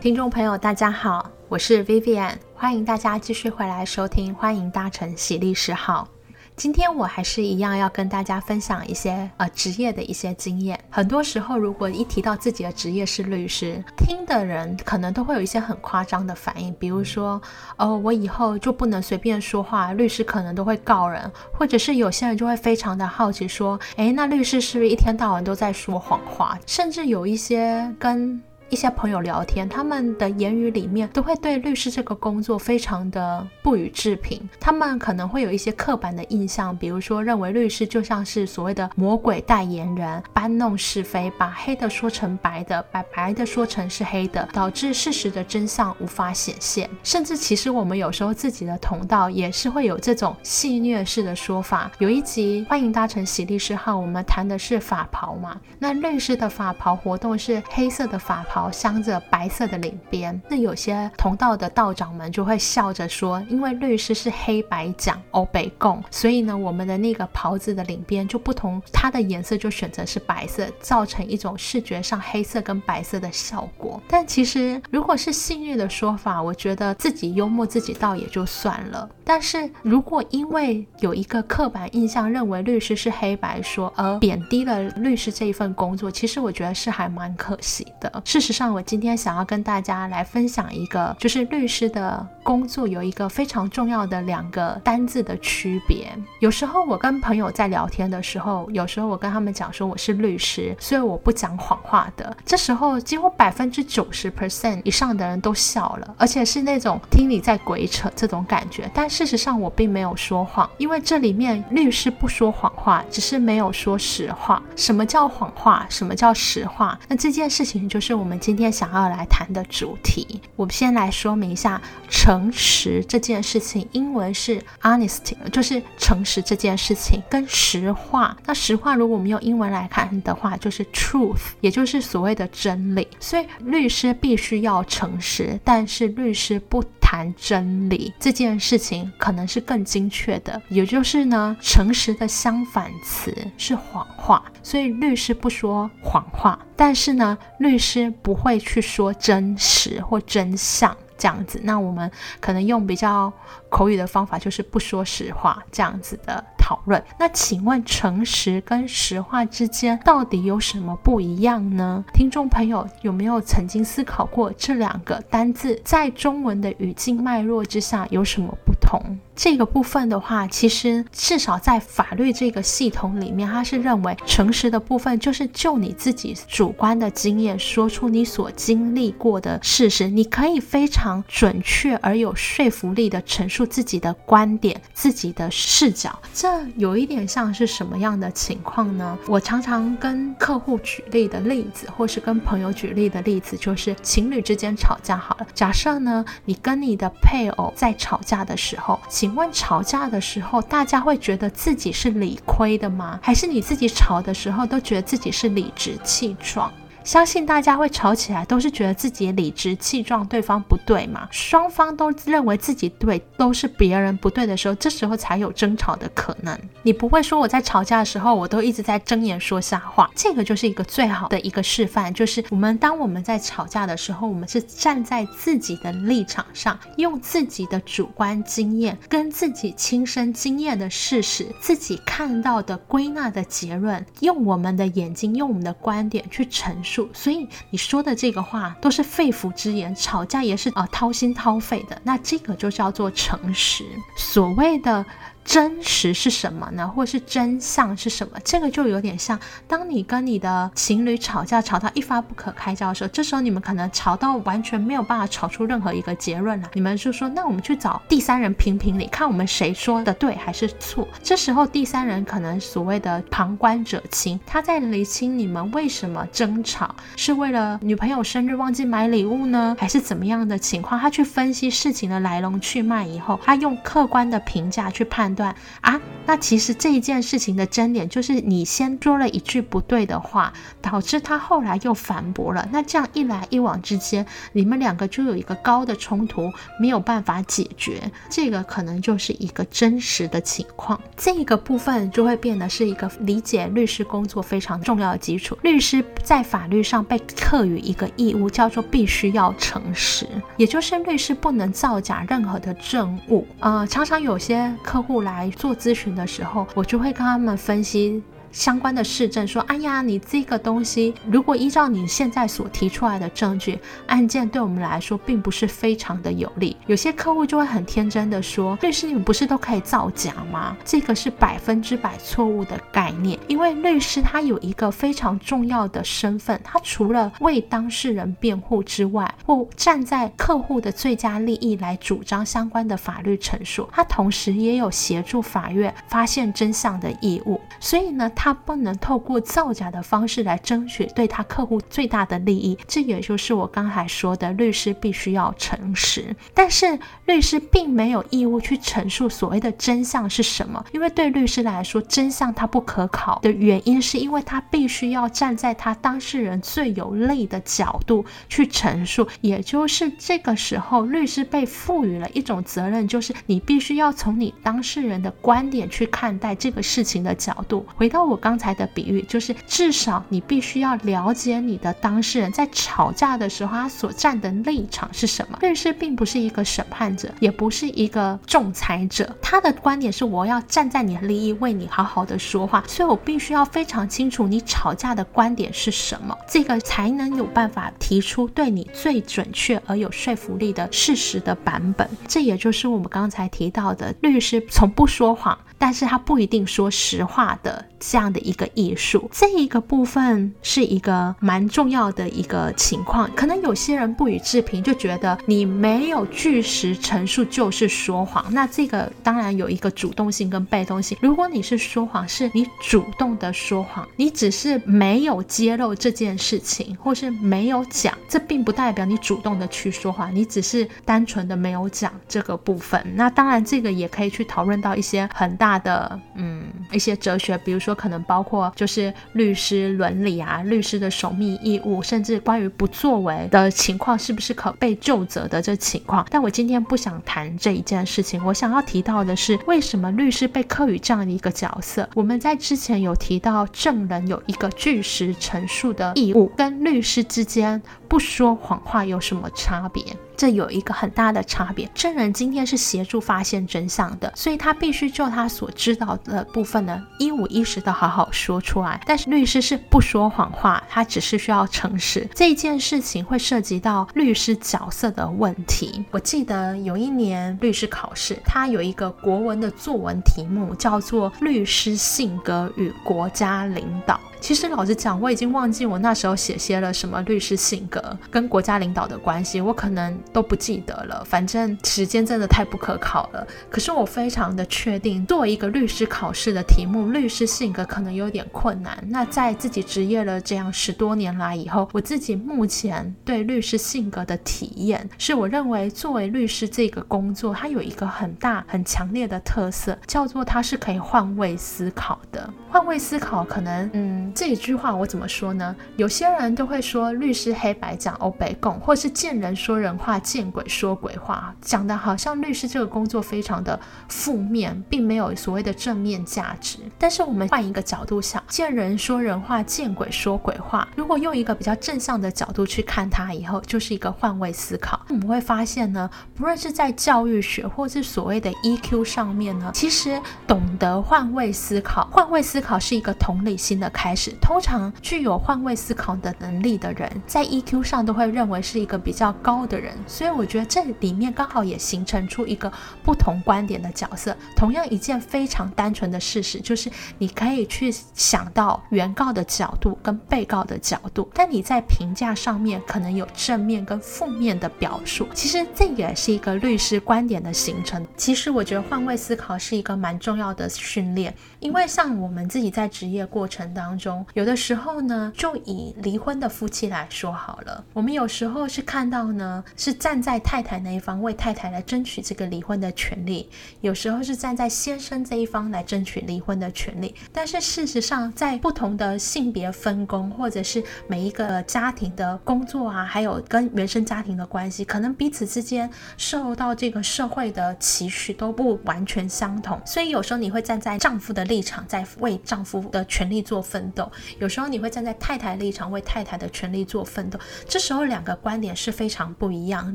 聽眾朋友，大家好，我是 Vivian，歡迎大家繼續回來收聽《歡迎搭乘喜律師號》。今天我還是一樣要跟大家分享一些呃職業的一些經驗。很多時候，如果一提到自己的職業是律師，聽的人可能都會有一些很誇張的反應，比如說，哦，我以後就不能隨便說話，律師可能都會告人，或者是有些人就會非常的好奇說，哎，那律師是不是一天到晚都在說謊話？甚至有一些跟。一些朋友聊天，他們的言語裡面都會對律師這個工作非常的不予置評。他們可能會有一些刻板的印象，比如說認為律師就像是所謂的魔鬼代言人，搬弄是非，把黑的說成白的，把白的說成是黑的，導致事實的真相無法顯現。甚至其實我們有時候自己的同道也是會有這種戲謔式的說法。有一集歡迎搭乘喜力士號，我們談的是法袍嘛，那律師的法袍活動是黑色的法袍，鑲着白色的領邊，那有些同道的道長們就會笑着說，因為律師是黑白講歐北共。所以呢，我們的那個袍子的領邊就不同，它的顏色就選擇是白色，造成一種視覺上黑色跟白色的效果。但其實，如果是戲謔的說法，我覺得自己幽默自己倒也就算了。但是，如果因為有一個刻板印象，認為律師是黑白說，而貶低了律師這一份工作，其實我覺得是還蠻可惜的。事實。實際上我今天想要跟大家來分享一個，就是律師的工作有一個非常重要的兩個單字的區別。有時候我跟朋友在聊天的時候，有時候我跟他們講說我是律師，所以我不講謊話的。這時候幾乎百分之九十 percent 以上的人都笑了，而且是那種聽你在鬼扯這種感覺。但事實上我並沒有說謊，因為這裡面律師不說謊話，只是沒有說實話。什麼叫謊話？什麼叫實話？那這件事情就是我們。今天想要來談的主題，我們先來說明一下誠實這件事情。英文是 honesty，就是誠實這件事情跟實話。那實話，如果我們用英文來看的話，就是 truth，也就是所謂的真理。所以律師必須要誠實，但是律師不。談真理這件事情可能是更精確的，也就是呢，誠實的相反詞是謊話，所以律師不說謊話，但是呢，律師不會去說真實或真相這樣子。那我們可能用比較。口語的方法就是不說實話這樣子的討論。那請問，誠實跟實話之間到底有什麼不一樣呢？聽眾朋友有沒有曾經思考過這兩個單字在中文的語境脈絡之下有什麼不同？這個部分的話，其實至少在法律這個系統裡面，他是認為誠實的部分就是就你自己主觀的經驗說出你所經歷過的事實，你可以非常準確而有說服力的陳述。自己的觀點，自己的視角，這有一點像是什麼樣的情況呢？我常常跟客戶舉例的例子，或是跟朋友舉例的例子，就是情侶之間吵架好了。假設呢，你跟你的配偶在吵架的時候，請問吵架的時候，大家會覺得自己是理虧的嗎？還是你自己吵的時候都覺得自己是理直氣壯？相信大家會吵起來，都是覺得自己理直氣壯，對方不對嘛。雙方都認為自己對，都是別人不對的時候，這時候才有爭吵的可能。你不會說我在吵架的時候，我都一直在睜眼說瞎話。這個就是一個最好的一個示範，就是我們當我們在吵架的時候，我們是站在自己的立場上，用自己的主觀經驗跟自己親身經驗的事實，自己看到的歸納的結論，用我們的眼睛，用我們的觀點去陳述。所以你說的這個話都是肺腑之言，吵架也是啊、呃、掏心掏肺的，那這個就叫做誠實。所謂的。真實是什麼呢？或是真相是什麼？這個就有點像，當你跟你的情侶吵架，吵到一發不可開交的時候，這時候你們可能吵到完全沒有辦法吵出任何一個結論了。你們就說，那我們去找第三人評評理，看我們誰說的對還是錯？這時候第三人可能所謂的旁觀者清，他在理清你們為什麼爭吵，是為了女朋友生日忘記買禮物呢，還是怎麼樣的情況？他去分析事情的來龍去脈以後，他用客觀的評價去判斷。啊，那其實這一件事情的真理就是你先說了一句不對的話導致他後來又反駁了。那這樣一來一往之間，你們兩個就有一個高的衝突，沒有辦法解決。這個可能就是一個真實的情況。這個部分就會變得是一個理解律師工作非常重要的基礎。律師在法律上被賦予一個義務，叫做必須要誠實，也就是律師不能造假任何的證物。呃，常常有些客戶。來做諮詢的時候，我就會跟他們分析。相關的市政說：“哎呀，你這個東西，如果依照你現在所提出來的證據，案件對我們來說並不是非常的有利。”有些客戶就會很天真的說：“律師，你們不是都可以造假嗎？”這個是百分之百錯誤的概念，因為律師他有一個非常重要的身份，他除了為當事人辯護之外，或站在客戶的最佳利益來主張相關的法律陳述，他同時也有協助法院發現真相的義務。所以呢。他不能透過造假的方式來爭取對他客戶最大的利益，這也就是我剛才說的，律師必須要誠實。但是，律師並沒有義務去陳述所謂的真相是什麼，因為對律師來說，真相他不可考的原因，是因為他必須要站在他當事人最有利的角度去陳述。也就是這個時候，律師被賦予了一種責任，就是你必須要從你當事人的觀點去看待這個事情的角度，回到。我剛才的比喻就是，至少你必須要了解你的當事人在吵架的時候，他所站的立場是什麼。律師並不是一個審判者，也不是一個仲裁者，他的觀點是我要站在你的利益，為你好好的說話，所以我必須要非常清楚你吵架的觀點是什麼，這個才能有辦法提出對你最準確而有說服力的事實的版本。這也就是我們剛才提到的，律師從不說謊。但是他不一定說實話的這樣的一個藝術，這一個部分是一個蠻重要的一個情況。可能有些人不予置評，就覺得你沒有據實陳述就是說謊。那這個當然有一個主動性跟被動性。如果你是說謊，是你主動的說謊，你只是沒有揭露這件事情，或是沒有講，這並不代表你主動的去說謊，你只是單純的沒有講這個部分。那當然，這個也可以去討論到一些很大。大的，嗯。一些哲學，比如說可能包括就是律師倫理啊，律師的守秘義務，甚至關於不作為的情況是不是可被究責的這情況。但我今天不想談這一件事情，我想要提到的是，為什麼律師被賦予這樣一個角色？我們在之前有提到，證人有一個據實陳述的義務，跟律師之間不說謊話有什麼差別？這有一個很大的差別。證人今天是協助發現真相的，所以他必須就他所知道的部分。能一五一十的好好說出來，但是律師是不說謊話，他只是需要誠實。這件事情會涉及到律師角色的問題。我記得有一年律師考試，他有一個國文的作文題目，叫做《律師性格與國家領導》。其實老實講，我已經忘記我那時候寫些了什麼律師性格跟國家領導的關係，我可能都不記得了。反正時間真的太不可考了。可是我非常的確定，作為一個律師考試的題目，律師性格可能有點困難。那在自己執業了這樣十多年來以後，我自己目前對律師性格的體驗，是我認為作為律師這個工作，它有一個很大很強烈的特色，叫做它是可以換位思考的。換位思考可能，嗯。這一句話我怎麼說呢？有些人都會說律師黑白講歐北共，或是見人說人話，見鬼說鬼話，講的好像律師這個工作非常的負面，並沒有所謂的正面價值。但是我們換一個角度想，見人說人話，見鬼說鬼話，如果用一個比較正向的角度去看它以後，就是一個換位思考。我們會發現呢，不論是在教育學，或是所謂的 EQ 上面呢，其實懂得換位思考，換位思考是一個同理心的開始。通常具有換位思考的能力的人，在 EQ 上都會認為是一個比較高的人，所以我覺得這裡面剛好也形成出一個不同觀點的角色。同樣一件非常單純的事實，就是你可以去想到原告的角度跟被告的角度，但你在評價上面可能有正面跟負面的表述。其實這也是一個律師觀點的形成。其實我覺得換位思考是一個蠻重要的訓練，因為像我們自己在執業過程當中。有的時候呢，就以離婚的夫妻來說好了。我們有時候是看到呢，是站在太太那一方，為太太來爭取這個離婚的權利；有時候是站在先生這一方來爭取離婚的權利。但是事實上，在不同的性別分工，或者是每一個家庭的工作啊，還有跟原生家庭的關係，可能彼此之間受到這個社會的期許都不完全相同。所以有時候你會站在丈夫的立場，在為丈夫的權利做奮鬥。有時候你會站在太太立場，為太太的權利做奮鬥，這時候兩個觀點是非常不一樣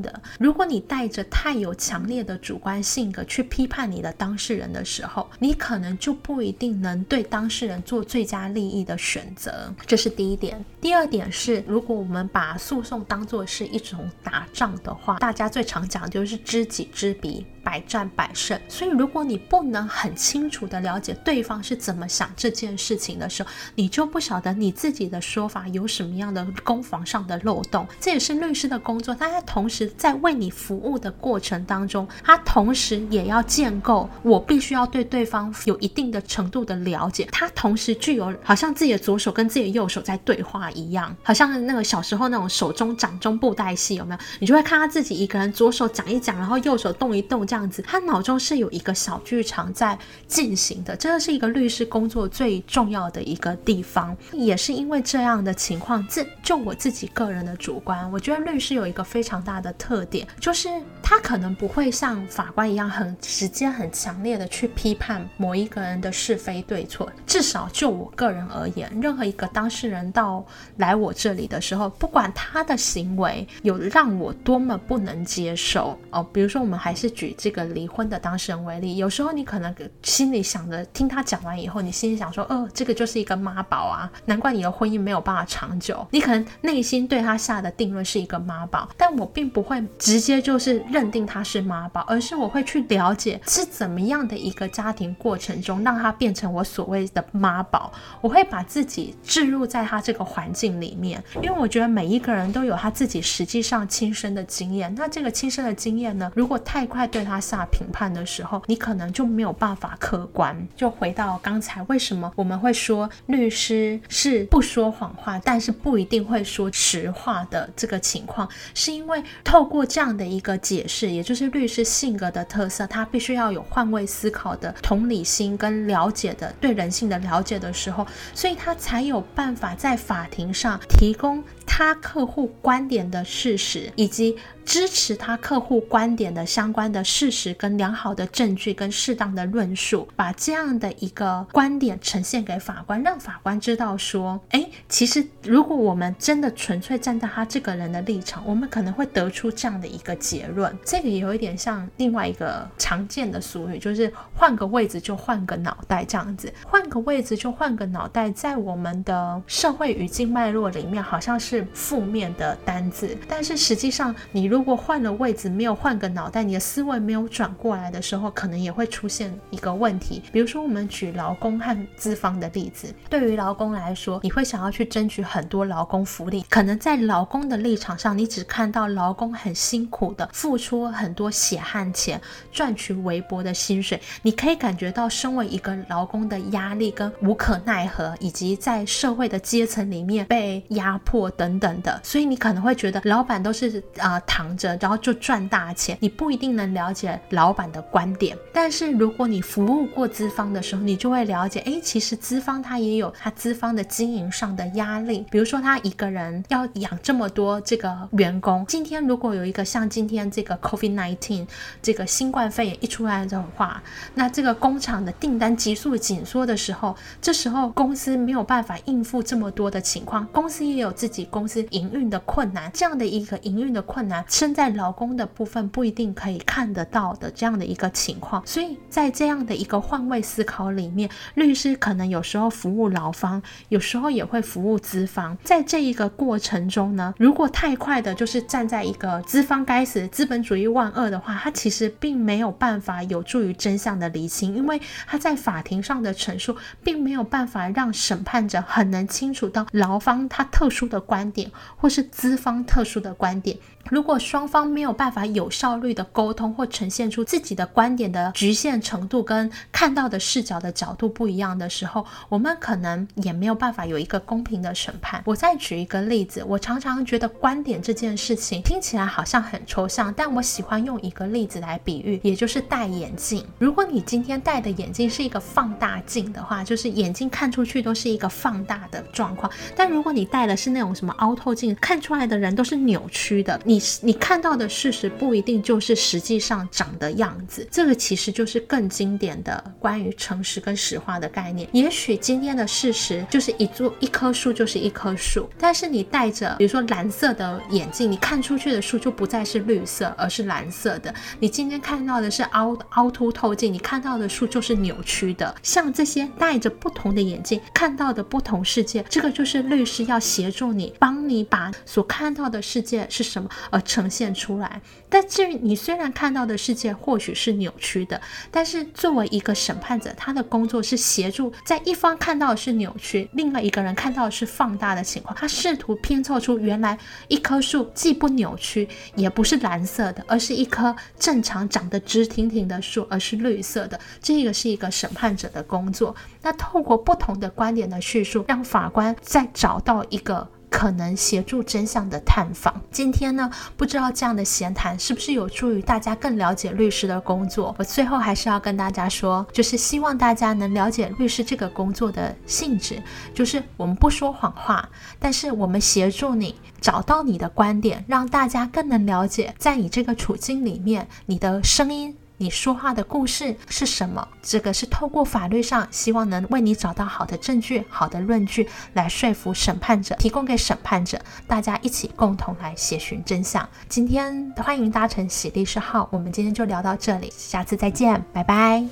的。如果你帶着太有強烈的主觀性格去批判你的當事人的時候，你可能就不一定能對當事人做最佳利益的選擇。這是第一點。第二點是，如果我們把訴訟當作是一種打仗的話，大家最常講的就是知己知彼。百戰百勝，所以如果你不能很清楚的了解對方是怎麼想這件事情的時候，你就不曉得你自己的說法有什麼樣的攻防上的漏洞。這也是律師的工作，他在同時在為你服務的過程當中，他同時也要建構我必須要對對方有一定的程度的了解。他同時具有好像自己的左手跟自己的右手在對話一樣，好像那個小時候那種手中掌中布袋戲有沒有？你就會看他自己一個人左手講一講，然後右手動一動樣子，他腦中是有一個小劇場在進行的，這個是一個律師工作最重要的一個地方，也是因為這樣的情況這，就我自己個人的主觀，我覺得律師有一個非常大的特點，就是他可能不會像法官一樣很直接、很強烈的去批判某一個人的是非對錯。至少就我個人而言，任何一個當事人到來我這裡的時候，不管他的行為有讓我多麼不能接受，哦，比如說我們還是舉，這個離婚的當事人為例，有時候你可能心裡想着聽他講完以後，你心裡想說，哦，這個就是一個媽寶啊，難怪你的婚姻沒有辦法長久。你可能內心對他下的定論是一個媽寶，但我並不會直接就是認定他是媽寶，而是我會去了解是怎麼樣的一個家庭過程中讓他變成我所謂的媽寶。我會把自己置入在他這個環境裡面，因為我覺得每一個人都有他自己實際上親身的經驗。那這個親身的經驗呢，如果太快對他拉薩評判的時候，你可能就沒有辦法客觀。就回到剛才，為什麼我們會說律師是不說謊話，但是不一定會說實話的這個情況，是因為透過這樣的一個解釋，也就是律師性格的特色，他必須要有換位思考的同理心跟了解的對人性的了解的時候，所以他才有辦法在法庭上提供。他客戶觀點的事實，以及支持他客戶觀點的相關的事實，跟良好的證據，跟適當的論述，把這樣的一個觀點呈現給法官，讓法官知道說，哎，其實如果我們真的純粹站在他這個人的立場，我們可能會得出這樣的一個結論。這個也有一點像另外一個常見的俗語，就是換個位置就換個腦袋這樣子，換個位置就換個腦袋。在我們的社會語境脈絡裡面，好像是。負面的單子，但是實際上，你如果換了位置，沒有換個腦袋，你的思維沒有轉過來的時候，可能也會出現一個問題。比如說，我們舉勞工和資方的例子，對於勞工來說，你會想要去爭取很多勞工福利。可能在勞工的立場上，你只看到勞工很辛苦的付出很多血汗錢，賺取微薄的薪水。你可以感覺到身為一個勞工的壓力跟無可奈何，以及在社會的階層裡面被壓迫等等。等，等的，所以你可能會覺得老闆都是啊、呃、躺着，然後就賺大錢，你不一定能了解老闆的觀點。但是如果你服務過資方的時候，你就會了解，哎，其實資方他也有他資方的經營上的壓力，比如說他一個人要養這麼多這個員工，今天如果有一個像今天這個 COVID-19 這個新冠肺炎一出來的話，那這個工廠的訂單急速緊縮的時候，這時候公司沒有辦法應付這麼多的情況，公司也有自己工。是營運的困難，這樣的一個營運的困難，身在勞工的部分不一定可以看得到的這樣的一個情況，所以在這樣的一個換位思考裡面，律師可能有時候服務勞方，有時候也會服務資方。在這一個過程中呢，如果太快的就是站在一個資方該死，資本主義萬惡的話，他其實並沒有辦法有助於真相的釐清，因為他在法庭上的陳述，並沒有辦法讓審判者很能清楚到勞方他特殊的觀點。或是資方特殊的觀點。如果雙方沒有辦法有效率的溝通，或呈現出自己的觀點的局限程度跟看到的視角的角度不一樣的時候，我們可能也沒有辦法有一個公平的審判。我再舉一個例子，我常常覺得觀點這件事情聽起來好像很抽象，但我喜歡用一個例子來比喻，也就是戴眼鏡。如果你今天戴的眼鏡是一個放大鏡的話，就是眼鏡看出去都是一個放大的狀況；但如果你戴的是那種什麼凹透鏡，看出來的人都是扭曲的。你你你看到的事實不一定就是實際上長的樣子，這個其實就是更經典的關於誠實跟實話的概念。也許今天的事實就是一株一棵樹就是一棵樹，但是你戴着比如說藍色的眼鏡，你看出去的樹就不再是綠色，而是藍色的。你今天看到的是凹凹凸透鏡，你看到的樹就是扭曲的。像這些戴着不同的眼鏡看到的不同世界，這個就是律師要協助你，幫你把所看到的世界是什麼？而呈現出來。但至於你雖然看到的世界或許是扭曲的，但是作為一個審判者，他的工作是協助在一方看到的是扭曲，另外一個人看到的是放大的情況。他試圖拼湊出原來一棵樹既不扭曲，也不是藍色的，而是一棵正常長得直挺挺的樹，而是綠色的。這個是一個審判者的工作。那透過不同的觀點的敘述，讓法官再找到一個。可能協助真相的探訪。今天呢，不知道這樣的閒談是不是有助於大家更了解律師的工作。我最後還是要跟大家說，就是希望大家能了解律師這個工作的性質，就是我們不說謊話，但是我們協助你找到你的觀點，讓大家更能了解在你這個處境裡面，你的聲音。你說話的故事是什麼？這個是透過法律上，希望能為你找到好的證據、好的論據來說服審判者，提供給審判者，大家一起共同來追尋真相。今天歡迎搭乘喜律師號，我們今天就聊到這裡，下次再見，拜拜。